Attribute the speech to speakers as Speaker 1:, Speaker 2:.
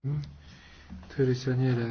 Speaker 1: Hm? ktorý sa nedá